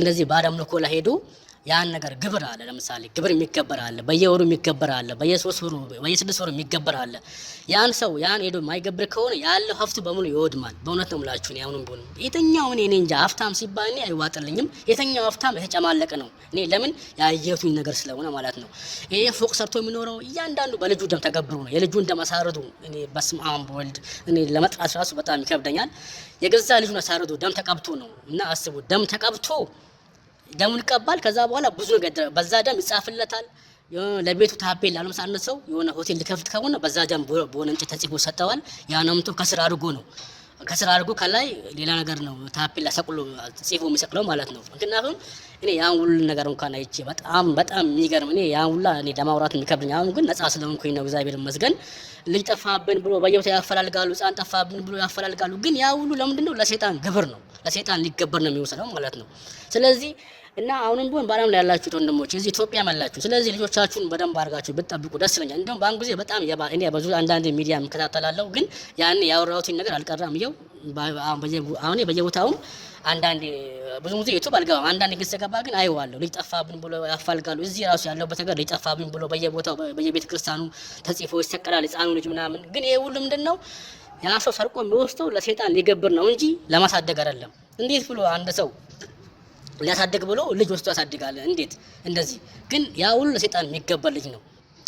እንደዚህ ባዳም ልኮ ሄዱ ያን ነገር ግብር አለ። ለምሳሌ ግብር የሚገበር አለ፣ በየወሩ የሚገበር አለ፣ በየሶስት ወሩ በየስድስት ወሩ የሚገበር አለ። ያን ሰው ያን ሄዶ የማይገብር ከሆነ ያለው ሀብቱ በሙሉ ይወድማል። በእውነት ነው የምላችሁ። እኔ አሁንም ቢሆን የተኛው እኔ እንጃ ሀብታም ሲባል እኔ አይዋጥልኝም። የተኛው ሀብታም የተጨማለቀ ነው። እኔ ለምን ያየሁትኝ ነገር ስለሆነ ማለት ነው። ይሄ ፎቅ ሰርቶ የሚኖረው እያንዳንዱ በልጁ ደም ተገብሩ ነው። የልጁ እንደማሳረዱ እኔ በስመ አብ ወልድ እኔ ለመጥራት ራሱ በጣም ይከብደኛል። የገዛ ልጁን አሳረዱ ደም ተቀብቶ ነው እና አስቡ፣ ደም ተቀብቶ ደሙን ይቀባል። ከዛ በኋላ ብዙ ነገር በዛ ደም ይጻፍለታል። ለቤቱ ታፔላ ነው ሳነ ሰው የሆነ ሆቴል ሊከፍት ከሆነ በዛ ደም በሆነ እንጨት ተጽፎ ሰጠዋል። ያነምቶ ከስር አድርጎ ነው ከስር አድርጎ ከላይ ሌላ ነገር ነው ታፔላ ሰቅሎ ጽፎ የሚሰቅለው ማለት ነው። ምክንያቱም እኔ ያን ሁሉ ነገር እንኳን አይቼ በጣም በጣም የሚገርም እኔ ያን ሁላ እኔ ለማውራት የሚከብድኝ። አሁን ግን ነጻ ስለሆንኩኝ ነው፣ እግዚአብሔር ይመስገን። ልጅ ጠፋብን ብሎ በየቦታ ያፈላልጋሉ፣ ህፃን ጠፋብን ብሎ ያፈላልጋሉ። ግን ያ ሁሉ ለምንድን ነው? ለሴጣን ግብር ነው፣ ለሴጣን ሊገበር ነው የሚወሰደው ማለት ነው። ስለዚህ እና አሁንም ቢሆን በዓለም ላይ ያላችሁት ወንድሞች እዚህ ኢትዮጵያ ያላችሁ፣ ስለዚህ ልጆቻችሁን በደንብ አድርጋችሁ ብትጠብቁ ደስ ይለኛል። እንዲሁም በአሁን ጊዜ በጣም እኔ ብዙ አንዳንድ ሚዲያ የምከታተላለሁ፣ ግን ያኔ ያወራሁትን ነገር አልቀራም። ይኸው አሁን በየቦታውም አንዳንድ ብዙ ጊዜ ዩቱብ አልገባም። አንዳንድ ጊዜ ስገባ ግን አይዋለሁ። ልጅ ጠፋብን ብሎ ያፋልጋሉ። እዚህ ራሱ ያለሁበት ነገር ልጅ ጠፋብን ብሎ በየቦታው በየቤተ ክርስቲያኑ ተጽፎ ይሰቀላል። ሕፃኑ ልጅ ምናምን። ግን ይሄ ሁሉ ምንድን ነው? ያ ሰው ሰርቆ የሚወስደው ለሴጣን ሊገብር ነው እንጂ ለማሳደግ አይደለም። እንዴት ብሎ አንድ ሰው ሊያሳድግ ብሎ ልጅ ወስዶ ያሳድጋል። እንዴት እንደዚህ ግን ያ ሁሉ ለሴጣን የሚገባ ልጅ ነው።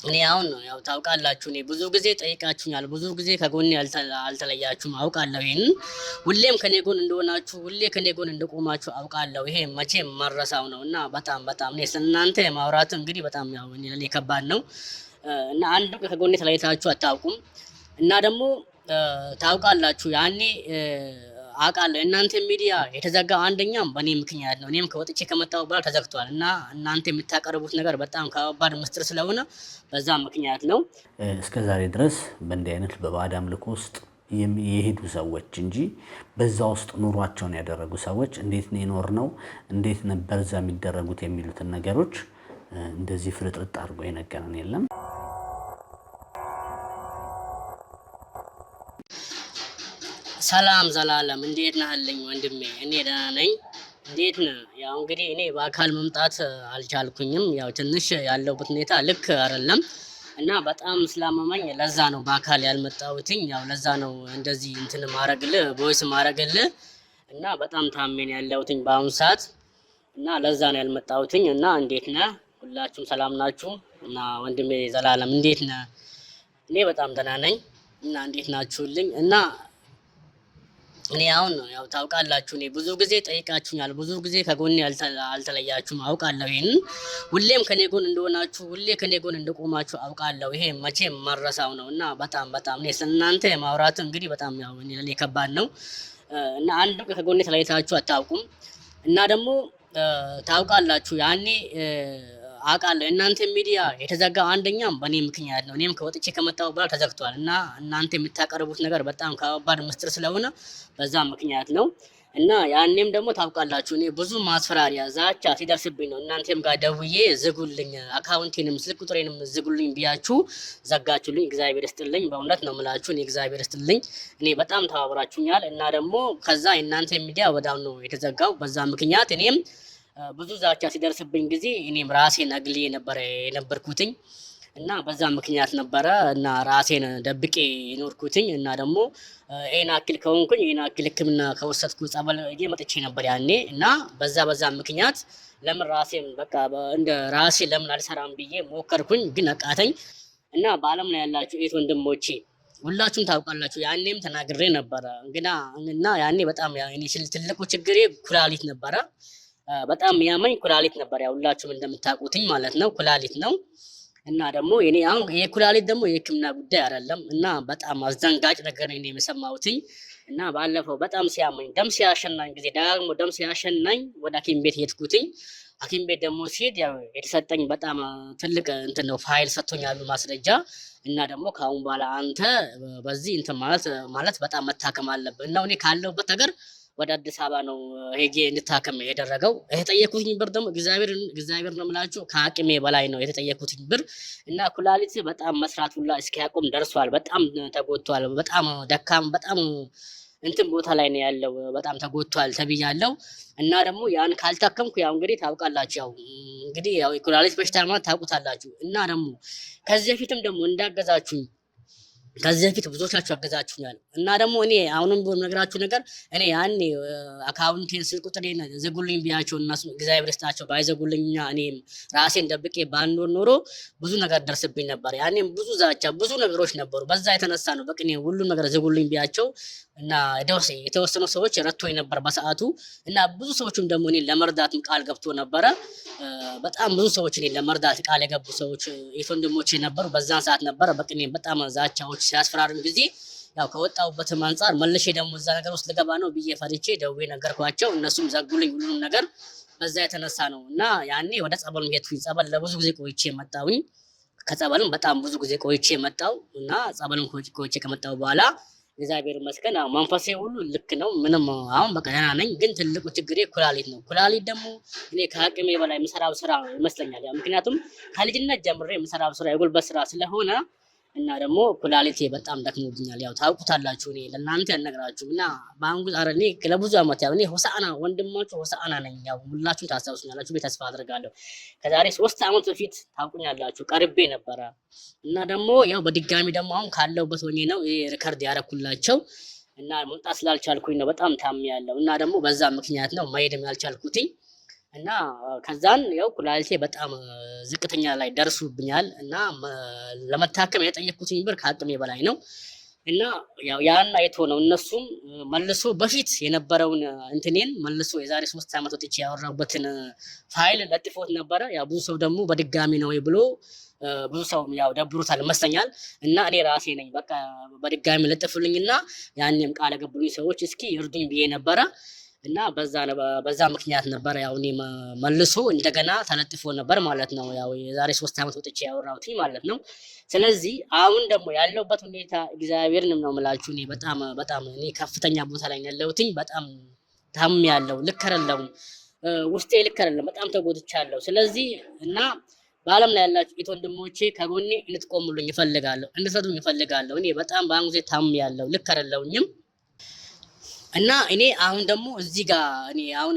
እኔ አሁን ያው ታውቃላችሁ፣ እኔ ብዙ ጊዜ ጠይቃችሁኛል፣ ብዙ ጊዜ ከጎኔ አልተለያችሁም፣ አውቃለሁ። ይህን ሁሌም ከኔ ጎን እንደሆናችሁ፣ ሁሌ ከኔ ጎን እንደቆማችሁ አውቃለሁ። ይሄ መቼም መረሳው ነው እና በጣም በጣም እኔ ስናንተ ማውራቱ እንግዲህ በጣም ያው እኔ ከባድ ነው እና አንዱ ከጎኔ ተለያይታችሁ አታውቁም እና ደግሞ ታውቃላችሁ ያኔ አውቃለሁ። እናንተ ሚዲያ የተዘጋ አንደኛም በእኔ ምክንያት ነው። እኔም ከወጥቼ ከመጣሁ በኋላ ተዘግቷል እና እናንተ የምታቀርቡት ነገር በጣም ከባድ ምስጢር ስለሆነ በዛ ምክንያት ነው። እስከ ዛሬ ድረስ በእንዲህ አይነት በባዕድ አምልኮ ውስጥ የሄዱ ሰዎች እንጂ በዛ ውስጥ ኑሯቸውን ያደረጉ ሰዎች እንዴት ነው የኖር ነው እንዴት ነበር እዛ የሚደረጉት የሚሉትን ነገሮች እንደዚህ ፍርጥርጥ አድርጎ የነገረን የለም። ሰላም ዘላለም እንዴት ናህልኝ ወንድሜ? እኔ ደህና ነኝ። እንዴት ነህ? ያው እንግዲህ እኔ በአካል መምጣት አልቻልኩኝም። ያው ትንሽ ያለሁበት ሁኔታ ልክ አይደለም እና በጣም ስላመመኝ ለዛ ነው በአካል ያልመጣሁትኝ። ያው ለዛ ነው እንደዚህ እንትን ማረግልህ ቦይስ ማረግልህ እና በጣም ታሜን ያለሁትኝ በአሁኑ ሰዓት እና ለዛ ነው ያልመጣሁትኝ። እና እንዴት ነህ? ሁላችሁም ሰላም ናችሁ? እና ወንድሜ ዘላለም እንዴት ነህ? እኔ በጣም ደህና ነኝ። እና እንዴት ናችሁልኝ? እና እኔ አሁን ነው ያው ታውቃላችሁ፣ እኔ ብዙ ጊዜ ጠይቃችሁኛል፣ ብዙ ጊዜ ከጎን አልተለያችሁም፣ አውቃለሁ። ይህን ሁሌም ከኔ ጎን እንደሆናችሁ፣ ሁሌ ከኔ ጎን እንደቆማችሁ አውቃለሁ። ይሄ መቼም መረሳው ነው እና በጣም በጣም እኔ ስለእናንተ ማውራት እንግዲህ በጣም ያው እኔ ከባድ ነው እና አንድ ከጎን ተለያይታችሁ አታውቁም እና ደግሞ ታውቃላችሁ ያኔ አውቃለሁ። እናንተ ሚዲያ የተዘጋ አንደኛም በእኔ ምክንያት ነው። እኔም ከወጥቼ ከመጣሁ በኋላ ተዘግቷል እና እናንተ የምታቀርቡት ነገር በጣም ከባድ ምስጢር ስለሆነ በዛ ምክንያት ነው እና ያኔም ደግሞ ታውቃላችሁ እኔ ብዙ ማስፈራሪያ ዛቻ ሲደርስብኝ ነው እናንተም ጋር ደውዬ ዝጉልኝ፣ አካውንቴንም ስልክ ቁጥሬንም ዝጉልኝ ብያችሁ ዘጋችሁልኝ። እግዚአብሔር ስጥልኝ፣ በእውነት ነው የምላችሁ። እኔ እግዚአብሔር ስጥልኝ። እኔ በጣም ተባብራችሁኛል እና ደግሞ ከዛ የእናንተ ሚዲያ ወዳም ነው የተዘጋው። በዛ ምክንያት እኔም ብዙ ዛቻ ሲደርስብኝ ጊዜ እኔም ራሴን አግሌ ነበረ የነበርኩትኝ እና በዛ ምክንያት ነበረ እና ራሴን ደብቄ የኖርኩትኝ እና ደግሞ ይህን አክል ከሆንኩኝ ይህን አክል ሕክምና ከወሰድኩ ጸበል መጥቼ ነበር ያኔ እና በዛ በዛ ምክንያት ለምን ራሴን በቃ እንደ ራሴ ለምን አልሰራም ብዬ ሞከርኩኝ፣ ግን አቃተኝ። እና በዓለም ላይ ያላችሁ ኤት ወንድሞቼ ሁላችሁም ታውቃላችሁ። ያኔም ተናግሬ ነበረ ግና እና ያኔ በጣም ትልቁ ችግሬ ኩላሊት ነበረ። በጣም የሚያመኝ ኩላሊት ነበር። ያው ሁላችሁም እንደምታውቁትኝ ማለት ነው ኩላሊት ነው። እና ደግሞ እኔ አሁን የኩላሊት ደግሞ የሕክምና ጉዳይ አይደለም እና በጣም አስደንጋጭ ነገር ነው የሰማሁትኝ። እና ባለፈው በጣም ሲያመኝ ደም ሲያሸናኝ ጊዜ ደጋግሞ ደም ሲያሸናኝ ወደ ሐኪም ቤት ሄድኩትኝ። ሐኪም ቤት ደግሞ ሲሄድ ያው የተሰጠኝ በጣም ትልቅ እንትን ነው ፋይል ሰጥቶኛሉ ማስረጃ እና ደግሞ ከአሁን በኋላ አንተ በዚህ እንትን ማለት ማለት በጣም መታከም አለብህ እና እኔ ካለሁበት ነገር ወደ አዲስ አበባ ነው ሄጄ እንድታከም የደረገው። የተጠየኩትኝ ብር ደግሞ እግዚአብሔር ነው የምላችሁ ከአቅሜ በላይ ነው የተጠየኩትኝ ብር እና ኩላሊት በጣም መስራት ሁላ እስኪያቆም ደርሷል። በጣም ተጎድቷል። በጣም ደካም በጣም እንትን ቦታ ላይ ነው ያለው። በጣም ተጎድቷል ተብያለው እና ደግሞ ያን ካልታከምኩ ያው እንግዲህ ታውቃላችሁ፣ ያው እንግዲህ ያው ኩላሊት በሽታ ማለት ታውቁታላችሁ እና ደግሞ ከዚህ በፊትም ደግሞ እንዳገዛችሁኝ ከዚህ በፊት ብዙዎቻችሁ ያገዛችሁኛል እና ደግሞ እኔ አሁንም ነገራችሁ ነገር እኔ ያኔ አካውንቴን ስልክ ቁጥር ዘጉልኝ ብያቸው እነሱ እግዚአብሔር ይስጣቸው ባይዘጉልኝ እኔም ራሴን ደብቄ በአንድ ኖሮ ብዙ ነገር ደርስብኝ ነበር። ያኔም ብዙ ዛቻ፣ ብዙ ነገሮች ነበሩ። በዛ የተነሳ ነው በቅ እኔ ሁሉም ነገር ዘጉልኝ ብያቸው እና ደውሴ የተወሰኑ ሰዎች ረቶኝ ነበር በሰዓቱ እና ብዙ ሰዎችም ደግሞ እኔ ለመርዳትም ቃል ገብቶ ነበረ። በጣም ብዙ ሰዎች እኔ ለመርዳት ቃል የገቡ ሰዎች የወንድሞቼ ነበሩ። በዛን ሰዓት ነበረ በቅ በጣም ዛቻዎች ሲያስፈራሩኝ ጊዜ ያው ከወጣሁበትም አንጻር መልሼ ደግሞ እዛ ነገር ውስጥ ልገባ ነው ብዬ ፈርቼ ደዌ ነገርኳቸው። እነሱም ዘጉልኝ ሁሉንም ነገር። በዛ የተነሳ ነው እና ያኔ ወደ ጸበል ሄድኩኝ። ጸበል ለብዙ ጊዜ ቆይቼ መጣሁኝ። ከጸበልም በጣም ብዙ ጊዜ ቆይቼ መጣሁ እና ጸበልም ቆይቼ ከመጣሁ በኋላ እግዚአብሔር ይመስገን መንፈሴ ሁሉ ልክ ነው። ምንም አሁን በቃ ደህና ነኝ። ግን ትልቁ ችግሬ ኩላሊት ነው። ኩላሊት ደግሞ እኔ ከአቅሜ በላይ የምሰራው ስራ ይመስለኛል። ምክንያቱም ከልጅነት ጀምሬ የምሰራው ስራ የጉልበት ስራ ስለሆነ እና ደግሞ ኩላሊቴ በጣም ደክሞብኛል። ያው ታውቁታላችሁ፣ እኔ ለእናንተ ያነግራችሁ እና በአንጉ ኧረ እኔ ለብዙ ዓመት ያው እኔ ሆሳዕና ወንድማችሁ ሆሳዕና ነኝ። ያው ሁላችሁ ታስታውሱኛላችሁ ቤት ተስፋ አድርጋለሁ። ከዛሬ ሶስት ዓመት በፊት ታውቁኛላችሁ፣ ቀርቤ ነበረ እና ደግሞ ያው በድጋሚ ደግሞ አሁን ካለውበት ሆኜ ነው ሪከርድ ያረኩላቸው እና መምጣት ስላልቻልኩኝ ነው። በጣም ታሜያለሁ እና ደግሞ በዛ ምክንያት ነው መሄድም ያልቻልኩትኝ እና ከዛን ያው ኩላሊቴ በጣም ዝቅተኛ ላይ ደርሱብኛል እና ለመታከም የጠየቅኩትኝ ብር ከአቅሜ በላይ ነው እና ያው ያን አይቶ ነው እነሱም መልሶ በፊት የነበረውን እንትኔን መልሶ የዛሬ ሶስት ዓመት ወጥቼ ያወራሁበትን ፋይል ለጥፎት ነበረ። ያው ብዙ ሰው ደግሞ በድጋሚ ነው ብሎ ብዙ ሰው ያው ደብሮታል ይመስለኛል። እና እኔ ራሴ ነኝ በቃ በድጋሚ ለጥፍልኝና እና ያንም ቃል ገቡልኝ ሰዎች እስኪ እርዱኝ ብዬ ነበረ። እና በዛ ምክንያት ነበር ያው እኔ መልሶ እንደገና ተለጥፎ ነበር ማለት ነው። ያው የዛሬ ሶስት ዓመት ወጥቼ ያወራሁት ማለት ነው። ስለዚህ አሁን ደግሞ ያለሁበት ሁኔታ እግዚአብሔርንም ነው የምላችሁ። እኔ በጣም በጣም እኔ ከፍተኛ ቦታ ላይ ያለሁትኝ በጣም ታም ያለው ልከረለውም ውስጤ ልከረለም በጣም ተጎድቻለሁ። ስለዚህ እና በዓለም ላይ ያላችሁ ቤት ወንድሞቼ ከጎኔ እንድትቆሙልኝ ይፈልጋለሁ፣ እንድትረዱኝ ይፈልጋለሁ። እኔ በጣም በአሁኑ ጊዜ ታም ያለው ልከረለውኝም እና እኔ አሁን ደግሞ እዚህ ጋር እኔ አሁን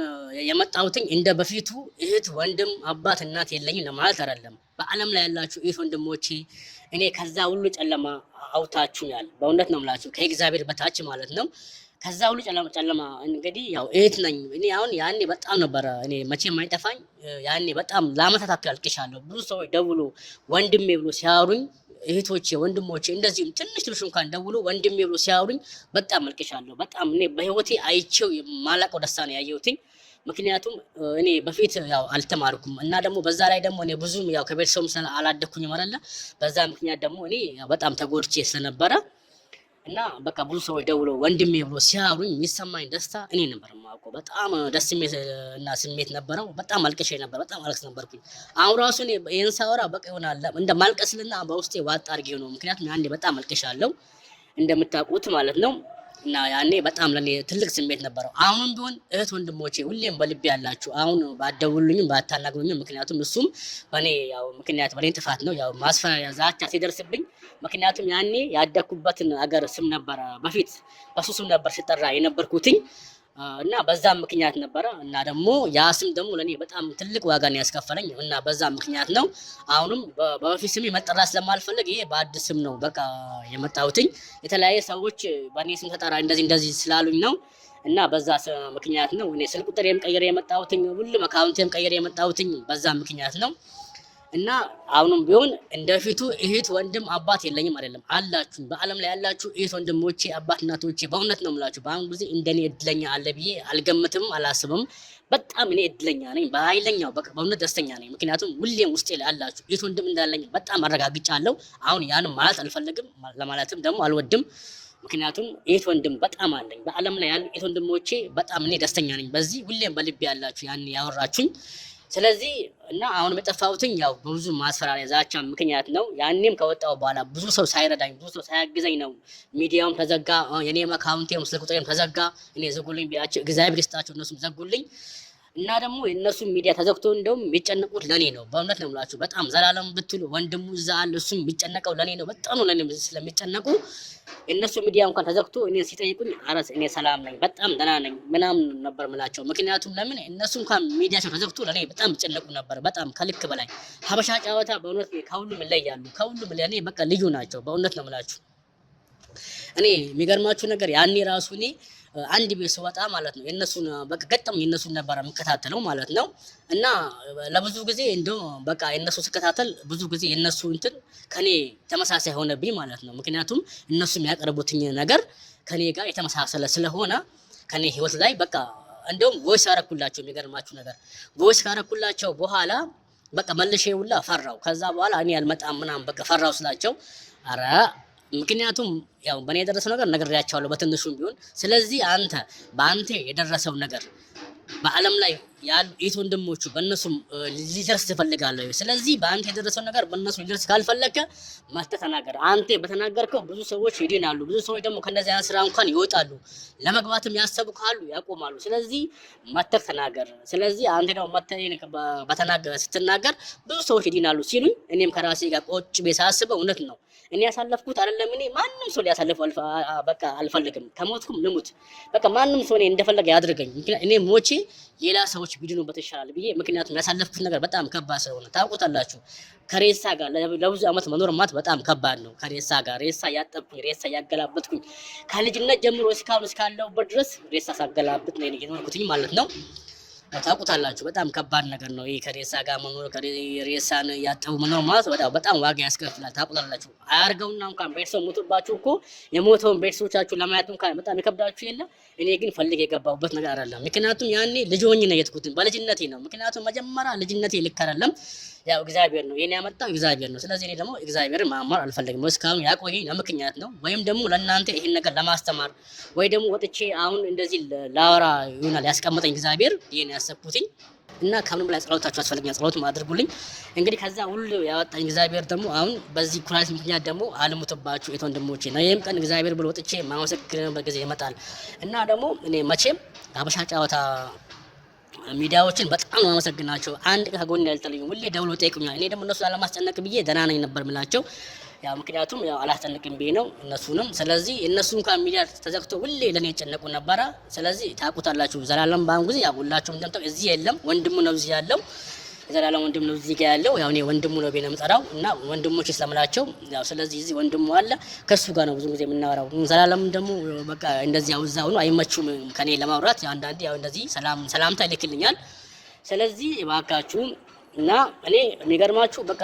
የመጣሁትኝ እንደ በፊቱ እህት፣ ወንድም፣ አባት፣ እናት የለኝም ለማለት አይደለም። በዓለም ላይ ያላችሁ እህት ወንድሞች እኔ ከዛ ሁሉ ጨለማ አውታችሁኛል። በእውነት ነው የምላችሁ ከእግዚአብሔር በታች ማለት ነው። ከዛ ሁሉ ጨለማ እንግዲህ ያው እህት ነኝ እኔ። አሁን ያኔ በጣም ነበረ እኔ መቼም አይጠፋኝ። ያኔ በጣም ለአመታት አክል አልቅሻለሁ። ብዙ ሰዎች ደውሎ ወንድሜ ብሎ ሲያወሩኝ እህቶቼ ወንድሞቼ እንደዚሁም ትንሽ ትንሽ እንኳን ደውሎ ወንድሜ ብሎ ሲያወሩኝ በጣም መልቅሻለሁ። በጣም እኔ በህይወቴ አይቼው የማላቀው ደስታ ነው ያየሁትኝ። ምክንያቱም እኔ በፊት ያው አልተማርኩም እና ደግሞ በዛ ላይ ደግሞ እኔ ብዙም ያው ከቤተሰቡም ስለ አላደግኩኝ አይደለ። በዛ ምክንያት ደግሞ እኔ በጣም ተጎድቼ ስለነበረ እና በቃ ብዙ ሰዎች ደውለው ወንድሜ ብሎ ሲያሩኝ የሚሰማኝ ደስታ እኔ ነበር የማውቀው። በጣም ደስ እና ስሜት ነበረው። በጣም አልቀሻ ነበር። በጣም አለቅስ ነበርኩኝ። አሁን ራሱ ይህን ሳወራ በቃ ይሆናለ እንደ ማልቀስልና በውስጤ ዋጣ አድርጌ ነው። ምክንያቱም አንዴ በጣም አልቀሻ አለው እንደምታውቁት ማለት ነው። እና ያኔ በጣም ለኔ ትልቅ ስሜት ነበረው። አሁንም ቢሆን እህት ወንድሞቼ ሁሌም በልቤ ያላችሁ አሁን ባደውሉኝም ባታናግሩኝም፣ ምክንያቱም እሱም በኔ ያው ምክንያት በኔ ጥፋት ነው ያው ማስፈራሪያ ዛቻ ሲደርስብኝ፣ ምክንያቱም ያኔ ያደኩበትን አገር ስም ነበረ በፊት በሱ ስም ነበር ሲጠራ የነበርኩትኝ እና በዛ ምክንያት ነበረ እና ደግሞ ያ ስም ደግሞ ለእኔ በጣም ትልቅ ዋጋን ያስከፈለኝ እና በዛ ምክንያት ነው። አሁንም በበፊት ስሜ መጠራ ስለማልፈልግ ይሄ በአዲስ ስም ነው በቃ የመጣሁትኝ። የተለያየ ሰዎች በእኔ ስም ተጠራ እንደዚህ እንደዚህ ስላሉኝ ነው እና በዛ ምክንያት ነው እኔ ስልክ ቁጥሬም ቀይሬ የመጣሁትኝ፣ ሁሉም አካውንቴም ቀይሬ የመጣሁትኝ በዛ ምክንያት ነው። እና አሁንም ቢሆን እንደፊቱ እህት ወንድም አባት የለኝም አይደለም፣ አላችሁ። በአለም ላይ ያላችሁ እህት ወንድሞቼ፣ አባት እናቶቼ፣ በእውነት ነው የምላችሁ። በአሁኑ ጊዜ እንደኔ እድለኛ አለ ብዬ አልገምትም፣ አላስብም። በጣም እኔ እድለኛ ነኝ፣ በኃይለኛው በእውነት ደስተኛ ነኝ። ምክንያቱም ሁሌም ውስጤ ላይ አላችሁ እህት ወንድም እንዳለኝ በጣም አረጋግጫለሁ። አሁን ያንም ማለት አልፈልግም፣ ለማለትም ደግሞ አልወድም። ምክንያቱም እህት ወንድም በጣም አለኝ። በአለም ላይ ያሉ እህት ወንድሞቼ በጣም እኔ ደስተኛ ነኝ። በዚህ ሁሌም በልቤ ያላችሁ ያን ያወራችሁኝ ስለዚህ እና አሁን መጠፋውትኝ ያው በብዙ ማስፈራሪያ ዛቻ ምክንያት ነው። ያኔም ከወጣው በኋላ ብዙ ሰው ሳይረዳኝ ብዙ ሰው ሳያግዘኝ ነው። ሚዲያውም ተዘጋ፣ የኔም አካውንቴም ስልክ ቁጥሬም ተዘጋ። እኔ ዘጉልኝ ቢያቸው እግዚአብሔር ይስጣቸው፣ እነሱም ዘጉልኝ። እና ደግሞ የእነሱ ሚዲያ ተዘግቶ እንደውም የሚጨነቁት ለኔ ነው። በእውነት ነው የምላችሁ። በጣም ዘላለም ብትሉ ወንድሙ እዛ አለ፣ እሱ የሚጨነቀው ለኔ ነው። በጣም ነው ለኔ ስለሚጨነቁ የእነሱ ሚዲያ እንኳን ተዘግቶ እኔ ሲጠይቁኝ አረስ እኔ ሰላም ነኝ፣ በጣም ደህና ነኝ ምናምን ነበር ምላቸው። ምክንያቱም ለምን እነሱ እንኳን ሚዲያቸው ተዘግቶ ለኔ በጣም ይጨነቁ ነበር፣ በጣም ከልክ በላይ። ሀበሻ ጨዋታ በእውነት ከሁሉም ይለያሉ። ከሁሉም ለኔ በቃ ልዩ ናቸው። በእውነት ነው የምላችሁ። እኔ የሚገርማችሁ ነገር ያኔ ራሱ እኔ አንድ ቤት ስወጣ ማለት ነው የነሱን በቃ ገጠም የነሱን ነበረ የምከታተለው ማለት ነው። እና ለብዙ ጊዜ እንደው በቃ የነሱ ስከታተል ብዙ ጊዜ የነሱ እንትን ከኔ ተመሳሳይ ሆነብኝ ማለት ነው። ምክንያቱም እነሱ የሚያቀርቡትኝ ነገር ከኔ ጋር የተመሳሰለ ስለሆነ ከኔ ህይወት ላይ በቃ እንደውም ቮይስ አረኩላቸው። የሚገርማችሁ ነገር ቮይስ ካረኩላቸው በኋላ በቃ መልሼ ውላ ፈራው። ከዛ በኋላ እኔ አልመጣም ምናምን በቃ ፈራው ስላቸው ኧረ ምክንያቱም ያው በእኔ የደረሰው ነገር ነግሬያቸዋለሁ በትንሹም ቢሆን። ስለዚህ አንተ በአንተ የደረሰው ነገር በአለም ላይ የት ወንድሞቹ በእነሱም ሊደርስ ትፈልጋለህ። ስለዚህ በአንተ የደረሰው ነገር በእነሱ ሊደርስ ካልፈለግከ መጥተህ ተናገር። አንተ በተናገርከው ብዙ ሰዎች ይድናሉ። ብዙ ሰዎች ደግሞ ከእነዚህ አይነት ስራ እንኳን ይወጣሉ። ለመግባትም ያሰቡ ካሉ ያቆማሉ። ስለዚህ መጥተህ ተናገር። ስለዚህ አንተ ደግሞ በተናገር ስትናገር ብዙ ሰዎች ይድናሉ ሲሉ እኔም ከራሴ ጋር ቆጭ ቤት ሳስበው እውነት ነው እኔ ያሳለፍኩት አይደለም። እኔ ማንም ሰው ሊያሳልፍ በቃ አልፈልግም። ከሞትኩም ልሙት በቃ ማንም ሰው እኔ እንደፈለገ ያድርገኝ። እኔ ሞቼ ሌላ ሰዎች ሰዎች ቢድኑበት ይሻላል ብዬ ምክንያቱም ያሳለፍኩት ነገር በጣም ከባድ ስለሆነ ታውቁታላችሁ። ከሬሳ ጋር ለብዙ ዓመት መኖር ማለት በጣም ከባድ ነው። ከሬሳ ጋር ሬሳ ያጠብኩኝ፣ ሬሳ ያገላበጥኩኝ ከልጅነት ጀምሮ እስካሁን እስካለሁበት ድረስ ሬሳ ሳገላበጥ ነው የኖርኩትኝ ማለት ነው። ታውቁታላችሁ። በጣም ከባድ ነገር ነው። ይሄ ከሬሳ ጋር መኖር ሬሳን ያተው መኖር ማለት በጣም ዋጋ ያስከፍላል። ታውቁታላችሁ። አያርገውና እንኳን ቤተሰብ ሞቶባችሁ እኮ የሞተውን ቤተሰቦቻችሁ ለማየት እንኳን በጣም ይከብዳችሁ የለ። እኔ ግን ፈልግ የገባሁበት ነገር አይደለም። ምክንያቱም ያኔ ልጅ ሆኜ ነው የትኩትን በልጅነቴ ነው። ምክንያቱም መጀመሪያ ልጅነቴ ልክ አይደለም ያው እግዚአብሔር ነው የኔ ያመጣው እግዚአብሔር ነው። ስለዚህ እኔ ደግሞ እግዚአብሔር ማማር አልፈልግም። እስካሁን ያቆየኝ ለምክንያት ነው፣ ወይም ደግሞ ለእናንተ ይህን ነገር ለማስተማር ወይ ደግሞ ወጥቼ አሁን እንደዚህ ላወራ ይሆናል ያስቀመጠኝ እግዚአብሔር ይህን ያሰብኩትኝ እና ከምንም ላይ ጸሎታችሁ ያስፈልገኛል። ጸሎት አድርጉልኝ። እንግዲህ ከዛ ሁሉ ያወጣኝ እግዚአብሔር ደግሞ አሁን በዚህ ኩራት ምክንያት ደግሞ አልሙትባችሁ የት ወንድሞቼ ነው። ይህም ቀን እግዚአብሔር ብሎ ወጥቼ ማመሰግንበት ጊዜ ይመጣል እና ደግሞ እኔ መቼም አበሻ ጨዋታ ሚዲያዎችን በጣም ነው አመሰግናቸው። አንድ ከጎን ያልጠለዩ ሁሌ ደውሎ ጠይቁኛል። እኔ ደግሞ እነሱ አለማስጨነቅ ብዬ ደህና ነኝ ነበር ምላቸው። ያው ምክንያቱም ያው አላስጨነቅም ብዬ ነው እነሱንም። ስለዚህ እነሱ እንኳን ሚዲያ ተዘግቶ ሁሌ ለእኔ ይጨነቁ ነበረ። ስለዚህ ታውቁታላችሁ። ዘላለም በአሁኑ ጊዜ ያው ሁላችሁም እንደምታውቁ እዚህ የለም፣ ወንድሙ ነው እዚህ ያለው ዘላለም ወንድም ነው እዚህ ጋር ያለው። ያው እኔ ወንድሙ ነው ቤነ ምጠራው እና ወንድሞች ስለምላቸው ያው ስለዚህ እዚህ ወንድሙ አለ ከሱ ጋር ነው ብዙ ጊዜ የምናወራው። ዘላለም ደግሞ በቃ እንደዚህ ያው እዛው ነው አይመቹም ከኔ ለማውራት አንዳንዴ ያው እንደዚህ ሰላም ሰላምታ ይልክልኛል። ስለዚህ እባካችሁ እና እኔ የሚገርማችሁ በቃ